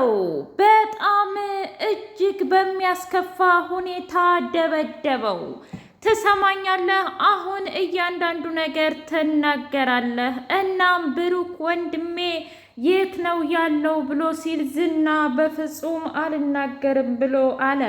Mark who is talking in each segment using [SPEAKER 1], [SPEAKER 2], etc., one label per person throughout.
[SPEAKER 1] ነው። በጣም እጅግ በሚያስከፋ ሁኔታ ደበደበው። ትሰማኛለህ? አሁን እያንዳንዱ ነገር ትናገራለህ። እናም ብሩክ ወንድሜ የት ነው ያለው ብሎ ሲል ዝና በፍጹም አልናገርም ብሎ አለ።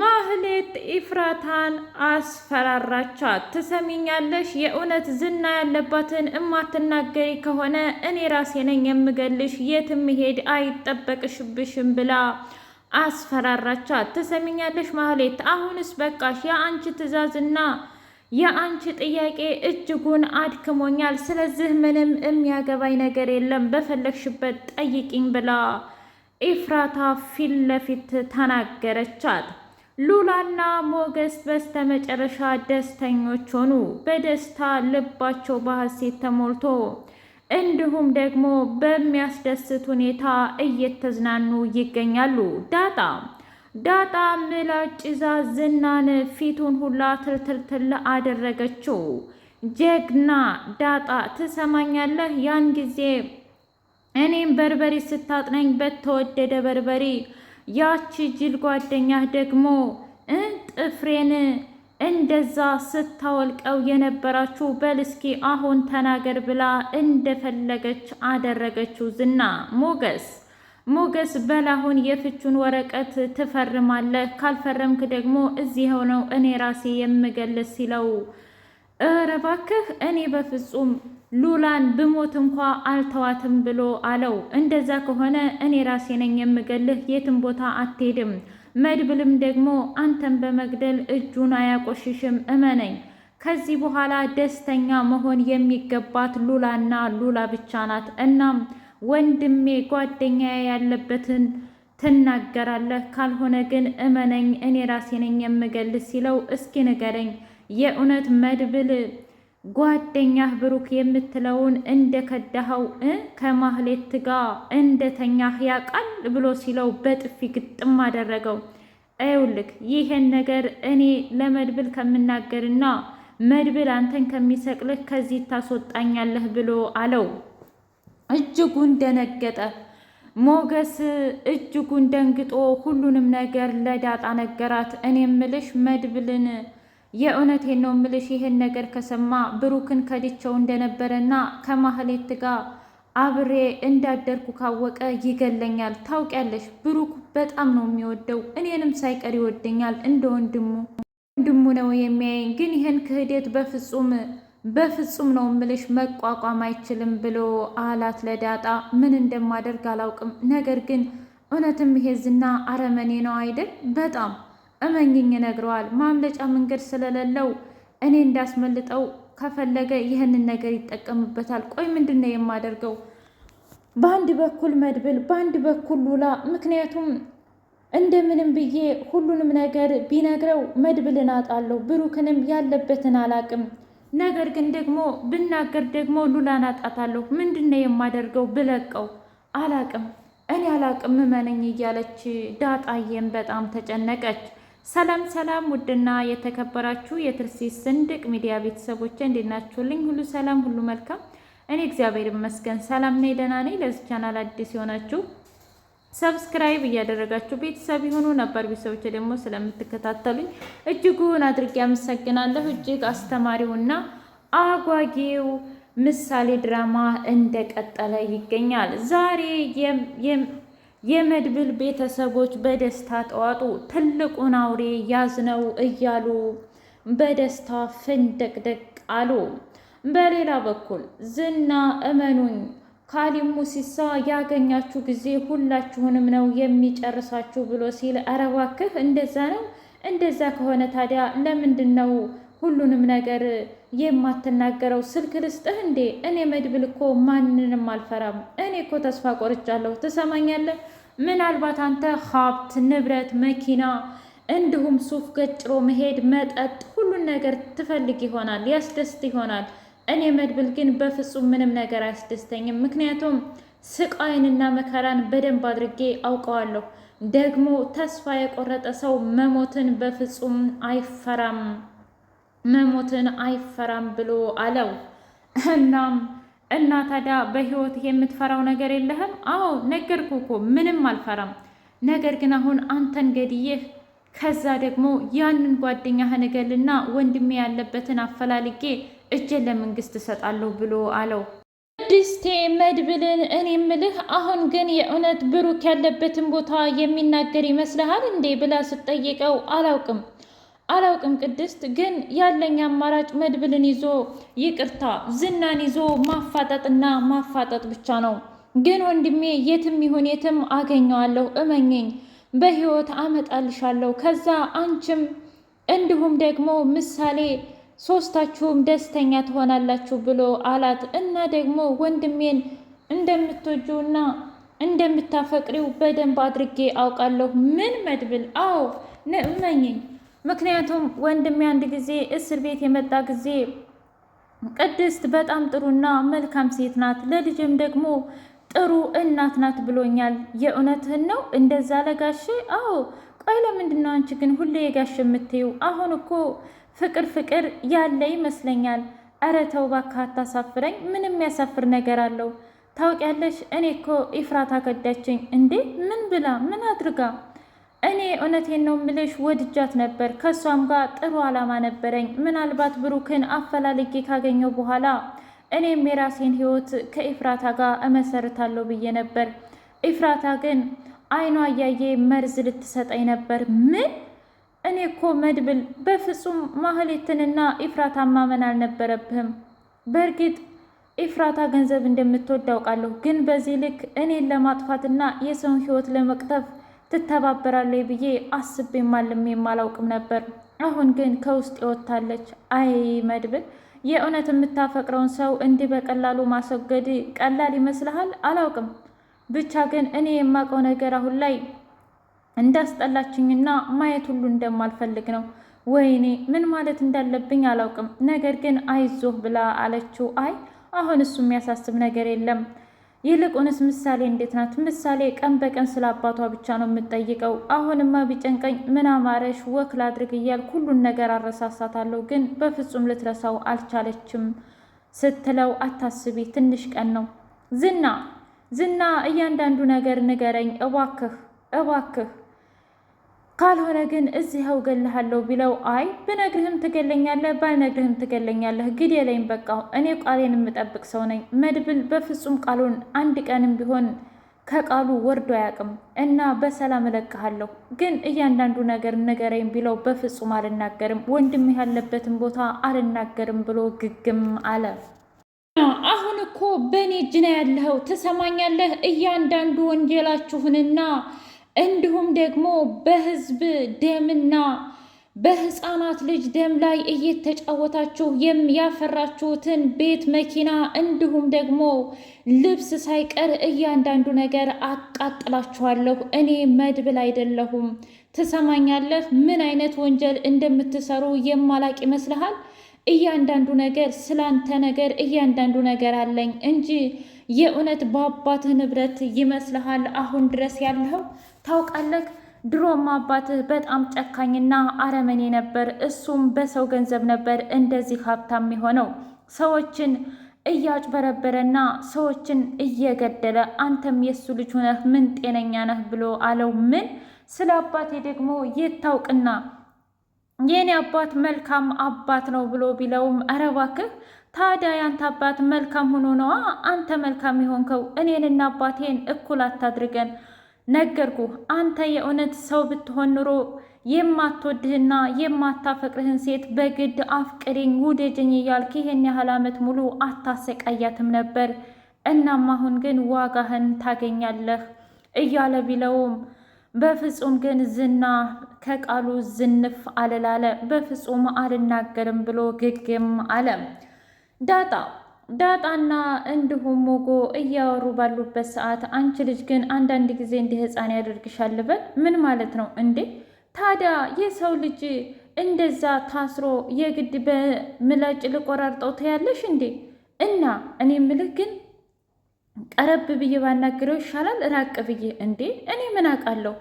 [SPEAKER 1] ማህሌት ኢፍራታን አስፈራራቻት። ትሰሚኛለሽ? የእውነት ዝና ያለባትን እማትናገሪ ከሆነ እኔ ራሴ ነኝ የምገልሽ፣ የትም መሄድ አይጠበቅሽብሽም ብላ አስፈራራቻት። ትሰሚኛለሽ ማህሌት? አሁንስ በቃሽ። የአንቺ ትዕዛዝና የአንቺ ጥያቄ እጅጉን አድክሞኛል። ስለዚህ ምንም የሚያገባኝ ነገር የለም፣ በፈለግሽበት ጠይቂኝ ብላ ኢፍራታ ፊት ለፊት ተናገረቻት። ሉላና ሞገስ በስተመጨረሻ ደስተኞች ሆኑ። በደስታ ልባቸው በሐሴት ተሞልቶ እንዲሁም ደግሞ በሚያስደስት ሁኔታ እየተዝናኑ ይገኛሉ። ዳጣ ዳጣ ምላጭ ይዛ ዝናን ፊቱን ሁላ ትልትልትል አደረገችው። ጀግና ዳጣ ትሰማኛለህ? ያን ጊዜ እኔም በርበሬ ስታጥነኝ በተወደደ በርበሬ ያቺ ጅል ጓደኛህ ደግሞ ጥፍሬን እንደዛ ስታወልቀው የነበራችሁ በልስኪ አሁን ተናገር ብላ እንደፈለገች አደረገችው። ዝና ሞገስ ሞገስ በላሁን የፍቹን ወረቀት ትፈርማለህ፣ ካልፈረምክ ደግሞ እዚህ ሆነው እኔ ራሴ የምገልስ ሲለው እረ እባክህ እኔ በፍጹም ሉላን ብሞት እንኳ አልተዋትም ብሎ አለው። እንደዛ ከሆነ እኔ ራሴ ነኝ የምገልህ፣ የትም ቦታ አትሄድም። መድብልም ደግሞ አንተን በመግደል እጁን አያቆሽሽም፣ እመነኝ። ከዚህ በኋላ ደስተኛ መሆን የሚገባት ሉላና ሉላ ብቻ ናት። እናም ወንድሜ ጓደኛ ያለበትን ትናገራለህ፣ ካልሆነ ግን እመነኝ፣ እኔ ራሴ ነኝ የምገልህ ሲለው እስኪ ንገረኝ የእውነት መድብል ጓደኛህ ብሩክ የምትለውን እንደ ከዳኸው ከማህሌት ጋር ተኛህ ያውቃል ብሎ ሲለው በጥፊ ግጥም አደረገው። አይውልክ ይሄን ነገር እኔ ለመድብል ከምናገርና መድብል አንተን ከሚሰቅልህ ከዚህ ታስወጣኛለህ ብሎ አለው። እጅጉን ደነገጠ። ሞገስ እጅጉን ደንግጦ ሁሉንም ነገር ለዳጣ ነገራት። እኔ ምልሽ መድብልን የእውነቴን ነው ምልሽ ይህን ነገር ከሰማ ብሩክን ከድቸው እንደነበረና ከማህሌት ጋር አብሬ እንዳደርኩ ካወቀ ይገለኛል። ታውቂያለሽ ብሩክ በጣም ነው የሚወደው፣ እኔንም ሳይቀር ይወደኛል እንደ ወንድሙ ወንድሙ ነው የሚያየኝ። ግን ይህን ክህደት በፍጹም በፍጹም ነው ምልሽ መቋቋም አይችልም ብሎ አላት ለዳጣ። ምን እንደማደርግ አላውቅም፣ ነገር ግን እውነትም ይሄ ዝና አረመኔ ነው አይደል? በጣም እመኝኝ ይነግረዋል። ማምለጫ መንገድ ስለሌለው እኔ እንዳስመልጠው ከፈለገ ይህንን ነገር ይጠቀምበታል። ቆይ ምንድን ነው የማደርገው? በአንድ በኩል መድብል፣ በአንድ በኩል ሉላ። ምክንያቱም እንደምንም ብዬ ሁሉንም ነገር ቢነግረው መድብልን አጣለሁ፣ ብሩክንም ያለበትን አላቅም። ነገር ግን ደግሞ ብናገር ደግሞ ሉላን አጣታለሁ። ምንድን ነው የማደርገው? ብለቀው አላቅም፣ እኔ አላቅም፣ እመነኝ እያለች ዳጣዬም በጣም ተጨነቀች። ሰላም ሰላም፣ ውድና የተከበራችሁ የትርሲስ ሰንደቅ ሚዲያ ቤተሰቦች እንዴናችሁልኝ? ሁሉ ሰላም፣ ሁሉ መልካም። እኔ እግዚአብሔር ይመስገን ሰላም ነኝ፣ ደህና ነኝ። ለዚህ ቻናል አዲስ የሆናችሁ ሰብስክራይብ እያደረጋችሁ ቤተሰብ የሆኑ ነባር ቤተሰቦች ደግሞ ስለምትከታተሉኝ እጅጉን አድርጌ አመሰግናለሁ። እጅግ አስተማሪውና አጓጊው ምሳሌ ድራማ እንደቀጠለ ይገኛል። ዛሬ የመድብል ቤተሰቦች በደስታ ተዋጡ። ትልቁን አውሬ ያዝነው እያሉ በደስታ ፍንደቅደቅ አሉ። በሌላ በኩል ዝና እመኑኝ ካሊሙ ሲሳ ያገኛችሁ ጊዜ ሁላችሁንም ነው የሚጨርሳችሁ ብሎ ሲል ኧረ እባክህ እንደዛ ነው እንደዛ ከሆነ ታዲያ ለምንድን ነው ሁሉንም ነገር የማትናገረው? ስልክ ልስጥህ እንዴ? እኔ መድብል እኮ ማንንም አልፈራም። እኔ እኮ ተስፋ ቆርጫለሁ። ትሰማኛለህ? ምናልባት አንተ ሀብት፣ ንብረት፣ መኪና እንዲሁም ሱፍ ገጭሮ መሄድ፣ መጠጥ፣ ሁሉን ነገር ትፈልግ ይሆናል፣ ያስደስት ይሆናል። እኔ መድብል ግን በፍጹም ምንም ነገር አያስደስተኝም። ምክንያቱም ስቃይንና መከራን በደንብ አድርጌ አውቀዋለሁ። ደግሞ ተስፋ የቆረጠ ሰው መሞትን በፍጹም አይፈራም፣ መሞትን አይፈራም ብሎ አለው እናም እና ታዲያ በህይወት የምትፈራው ነገር የለህም? አዎ ነገርኩ እኮ ምንም አልፈራም። ነገር ግን አሁን አንተን ገድዬህ ከዛ ደግሞ ያንን ጓደኛህን እገልና ወንድሜ ያለበትን አፈላልጌ እጄን ለመንግስት እሰጣለሁ ብሎ አለው። ቅድስቴ መድብልን፣ እኔ ምልህ አሁን ግን የእውነት ብሩክ ያለበትን ቦታ የሚናገር ይመስልሃል እንዴ ብላ ስትጠይቀው አላውቅም አላውቅም ቅድስት፣ ግን ያለኝ አማራጭ መድብልን ይዞ ይቅርታ፣ ዝናን ይዞ ማፋጠጥና ማፋጠጥ ብቻ ነው። ግን ወንድሜ የትም ይሁን የትም አገኘዋለሁ፣ እመኘኝ። በህይወት አመጣልሻለሁ። ከዛ አንቺም እንዲሁም ደግሞ ምሳሌ ሶስታችሁም ደስተኛ ትሆናላችሁ ብሎ አላት። እና ደግሞ ወንድሜን እንደምትወጂው እንደምታፈቅሪው በደንብ አድርጌ አውቃለሁ። ምን መድብል? አዎ እመኘኝ ምክንያቱም ወንድሜ አንድ ጊዜ እስር ቤት የመጣ ጊዜ ቅድስት በጣም ጥሩና መልካም ሴት ናት፣ ለልጅም ደግሞ ጥሩ እናት ናት ብሎኛል። የእውነትህን ነው እንደዛ ለጋሼ? አዎ። ቆይ ለምንድን ነው አንቺ ግን ሁሌ የጋሼ የምትይው? አሁን እኮ ፍቅር ፍቅር ያለ ይመስለኛል። እረ ተው እባክህ አታሳፍረኝ። ምን የሚያሳፍር ነገር አለው? ታውቂያለሽ፣ እኔ እኮ ኢፍራት አገዳችኝ እንዴ ምን ብላ ምን አድርጋ እኔ እውነቴን ነው ምልሽ ወድጃት ነበር። ከእሷም ጋር ጥሩ አላማ ነበረኝ። ምናልባት ብሩክን አፈላልጌ ካገኘው በኋላ እኔም የራሴን ህይወት ከኢፍራታ ጋር እመሰርታለሁ ብዬ ነበር። ኢፍራታ ግን አይኗ እያየ መርዝ ልትሰጠኝ ነበር። ምን? እኔ እኮ መድብል፣ በፍጹም ማህሌትንና ኢፍራታ ማመን አልነበረብህም። በእርግጥ ኢፍራታ ገንዘብ እንደምትወድ አውቃለሁ፣ ግን በዚህ ልክ እኔን ለማጥፋትና የሰውን ህይወት ለመቅጠፍ ትተባበራለች ብዬ አስቤ ማልም የማላውቅም ነበር። አሁን ግን ከውስጥ ይወታለች። አይ መድብል የእውነት የምታፈቅረውን ሰው እንዲህ በቀላሉ ማስወገድ ቀላል ይመስልሃል? አላውቅም። ብቻ ግን እኔ የማውቀው ነገር አሁን ላይ እንዳስጠላችኝና ማየት ሁሉ እንደማልፈልግ ነው። ወይኔ ምን ማለት እንዳለብኝ አላውቅም። ነገር ግን አይዞህ ብላ አለችው። አይ አሁን እሱ የሚያሳስብ ነገር የለም ይልቁንስ ምሳሌ እንዴት ናት? ምሳሌ ቀን በቀን ስለ አባቷ ብቻ ነው የምጠይቀው። አሁንማ ቢጨንቀኝ ምን አማረሽ ወክ ላድርግ እያል ሁሉን ነገር አረሳሳታለሁ፣ ግን በፍጹም ልትረሳው አልቻለችም ስትለው አታስቢ፣ ትንሽ ቀን ነው። ዝና ዝና፣ እያንዳንዱ ነገር ንገረኝ እባክህ እባክህ ካልሆነ ግን እዚህው እገልሃለሁ ቢለው አይ ብነግርህም ትገለኛለህ፣ ባልነግርህም ትገለኛለህ፣ ግደለኝ በቃ እኔ ቃሌን የምጠብቅ ሰው ነኝ። መድብል በፍጹም ቃሉን አንድ ቀንም ቢሆን ከቃሉ ወርዶ አያውቅም እና በሰላም እለቅሃለሁ፣ ግን እያንዳንዱ ነገር ንገረኝ ቢለው በፍጹም አልናገርም፣ ወንድም ያለበትን ቦታ አልናገርም ብሎ ግግም አለ። አሁን እኮ በእኔ እጅ ነው ያለኸው፣ ትሰማኛለህ? እያንዳንዱ ወንጀላችሁንና እንዲሁም ደግሞ በህዝብ ደምና በህፃናት ልጅ ደም ላይ እየተጫወታችሁ የሚያፈራችሁትን ቤት፣ መኪና እንዲሁም ደግሞ ልብስ ሳይቀር እያንዳንዱ ነገር አቃጥላችኋለሁ። እኔ መድብል አይደለሁም። ትሰማኛለህ? ምን አይነት ወንጀል እንደምትሰሩ የማላቅ ይመስልሃል? እያንዳንዱ ነገር ስላንተ ነገር እያንዳንዱ ነገር አለኝ እንጂ የእውነት በአባትህ ንብረት ይመስልሃል አሁን ድረስ ያለኸው? ታውቃለህ፣ ድሮም አባትህ በጣም ጨካኝና አረመኔ ነበር። እሱም በሰው ገንዘብ ነበር እንደዚህ ሀብታም የሆነው ሰዎችን እያጭበረበረና ሰዎችን እየገደለ አንተም የእሱ ልጅ ሆነህ ምን ጤነኛ ነህ ብሎ አለው። ምን ስለ አባቴ ደግሞ የታውቅና የኔ አባት መልካም አባት ነው ብሎ ቢለውም፣ ኧረ እባክህ ታዲያ ያንተ አባት መልካም ሆኖ ነዋ አንተ መልካም የሆንከው። እኔንና አባቴን እኩል አታድርገን። ነገርኩ አንተ የእውነት ሰው ብትሆን ኑሮ የማትወድህና የማታፈቅርህን ሴት በግድ አፍቅሪኝ ውደጅኝ እያልክ ይህን ያህል ዓመት ሙሉ አታሰቃያትም ነበር። እናም አሁን ግን ዋጋህን ታገኛለህ እያለ ቢለውም በፍጹም ግን ዝና ከቃሉ ዝንፍ አልላለ። በፍጹም አልናገርም ብሎ ግግም አለ። ዳጣ ዳጣና እንዲሁም ሞጎ እያወሩ ባሉበት ሰዓት አንቺ ልጅ ግን አንዳንድ ጊዜ እንደ ሕፃን ያደርግሻል በል። ምን ማለት ነው እንዴ? ታዲያ የሰው ልጅ እንደዛ ታስሮ የግድ በምላጭ ልቆራርጠው ትያለሽ እንዴ? እና እኔ ምልህ ግን ቀረብ ብዬ ባናግረው ይሻላል ራቅ ብዬ። እንዴ እኔ ምን አውቃለሁ?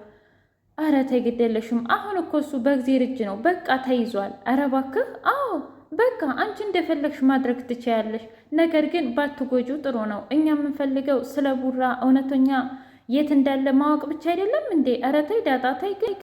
[SPEAKER 1] አረ ተይ ግድ የለሽም። አሁን እኮ እሱ በእግዜር እጅ ነው፣ በቃ ተይዟል። አረ እባክህ አዎ በቃ አንቺ እንደፈለግሽ ማድረግ ትችያለሽ። ነገር ግን ባትጎጁ ጥሩ ነው። እኛ የምንፈልገው ስለ ቡራ እውነተኛ የት እንዳለ ማወቅ ብቻ አይደለም እንዴ? ኧረ ተይ ዳጣ ተይ።